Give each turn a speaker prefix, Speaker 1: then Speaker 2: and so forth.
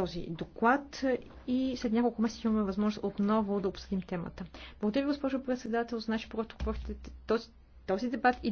Speaker 1: този доклад и след няколко месеца имаме възможност отново да обсъдим темата. Благодаря ви, госпожо председател, за нашия този, този дебат и